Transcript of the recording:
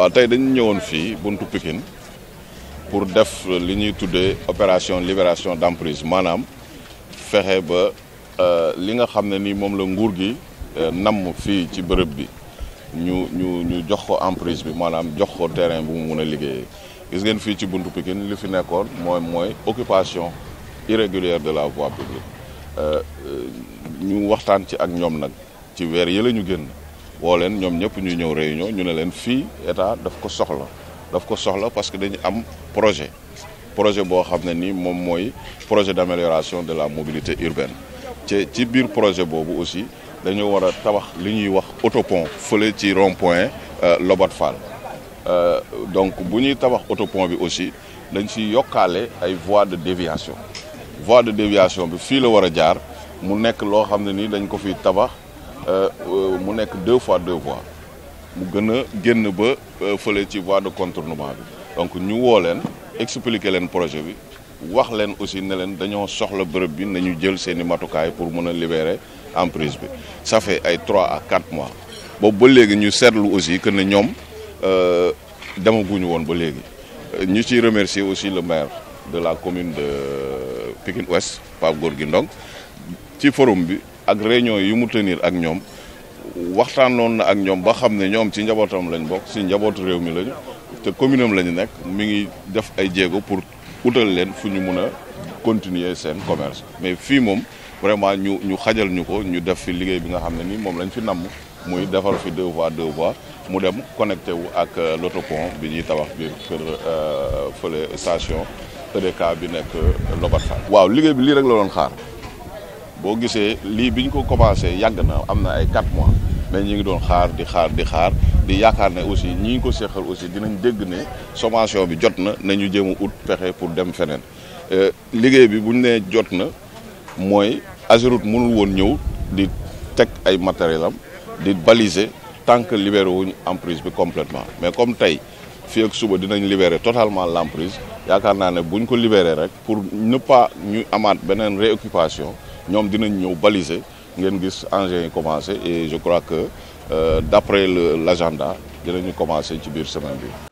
waaw tey dañu ñëwoon fii buntu Pikine pour def li ñuy tuddee opération libération d'emprise maanaam fexe ba euh, li nga xam ne ni moom la nguur gi euh, namm fii ci bërëb bi ñu ñu ñu jox ko emprise bi maanaam jox ko terrain bu mu mun a liggéeyee gis ngeen fii ci buntu Pikine li fi nekkoon mooy mooy occupation irrégulière de la voie publique euh, ñu waxtaan ci ak ñoom nag ci weer yële ñu génn wolen ñom ñep ñu ñew réunion ñu ne len fi état daf ko soxla daf ko soxla parce que dañu am projet projet bo xamné ni mom moy projet d'amélioration de la mobilité urbaine ci ci biir projet bobu aussi dañu wara tabax li ñuy wax autopont feulé ci rond-point euh, Lobat Fall euh, donc bu ñuy tabax autopont bi aussi dañ ci yokalé ay voies de déviation voie de déviation bi fi la wara jaar mu nekk lo xamné ni dañ ko fi tabax euh, euh, mu nekk deux fois deux voies mu gën a génn ba euh, fële ci voie de contournement bi donc ñu woo leen expliquer leen projet bi wax leen aussi ne leen dañoo soxla bërëb bi nañu jël seeni matukaay pour mën a libérer emprise bi ça fait ay trois à quatre mois boobu ba léegi ñu seetlu aussi que ne ñoom demaguñu woon ba léegi ñu ciy remercier aussi le maire de la commune de Pikine Ouest Pape Gorgui Ndong ci forum bi ak réunion yi mu tenir ak ñoom waxtaan waxtaanoon na ak ñoom ba xam ne ñoom ci njabootam lañ bokk ci njabootu réew mi lañu te commune am lañu nekk mi ngi def ay jéego pour utal leen fu ñu mun a continuer seen commerce mais fii moom vraiment ñu ñu xajal ñu ko ñu def fi liggéey bi nga xam ne ni moom lañ fi nam muy defar fi deux voies deux voies mu dem connecté wu ak euh, l'autopont bi ñuy tabax biir kër euh, fële station EDK bi nekk euh, Lobat Fall waaw liggéey bi lii rek la doon xaar bo gisee li biñ ko commencé yàgg na amna ay 4 mois mais ñi ngi doon xaar di xaar di xaar di yaakaar ne aussi ñi ngi ko séxal aussi dinañ dégg ne sommation bi jot na nañu jéem a ut pexe pour dem feneen euh, liggéey bi buñ né nee jot na mooy Ageroute mënul woon ñëw di teg ay matériel am di baliser tant que libéré wuñ emprise bi complètement mais comme tey fii ak suba dinañ libérer totalement l' emprise yaakaar naa ne buñ ko libéré rek pour ne pas ñu amaat beneen réoccupation nous dinañ ñëw baliser ngeen gis engin commencé et je crois que euh, d'après l'agenda dinañu commencé ci biir semaine bi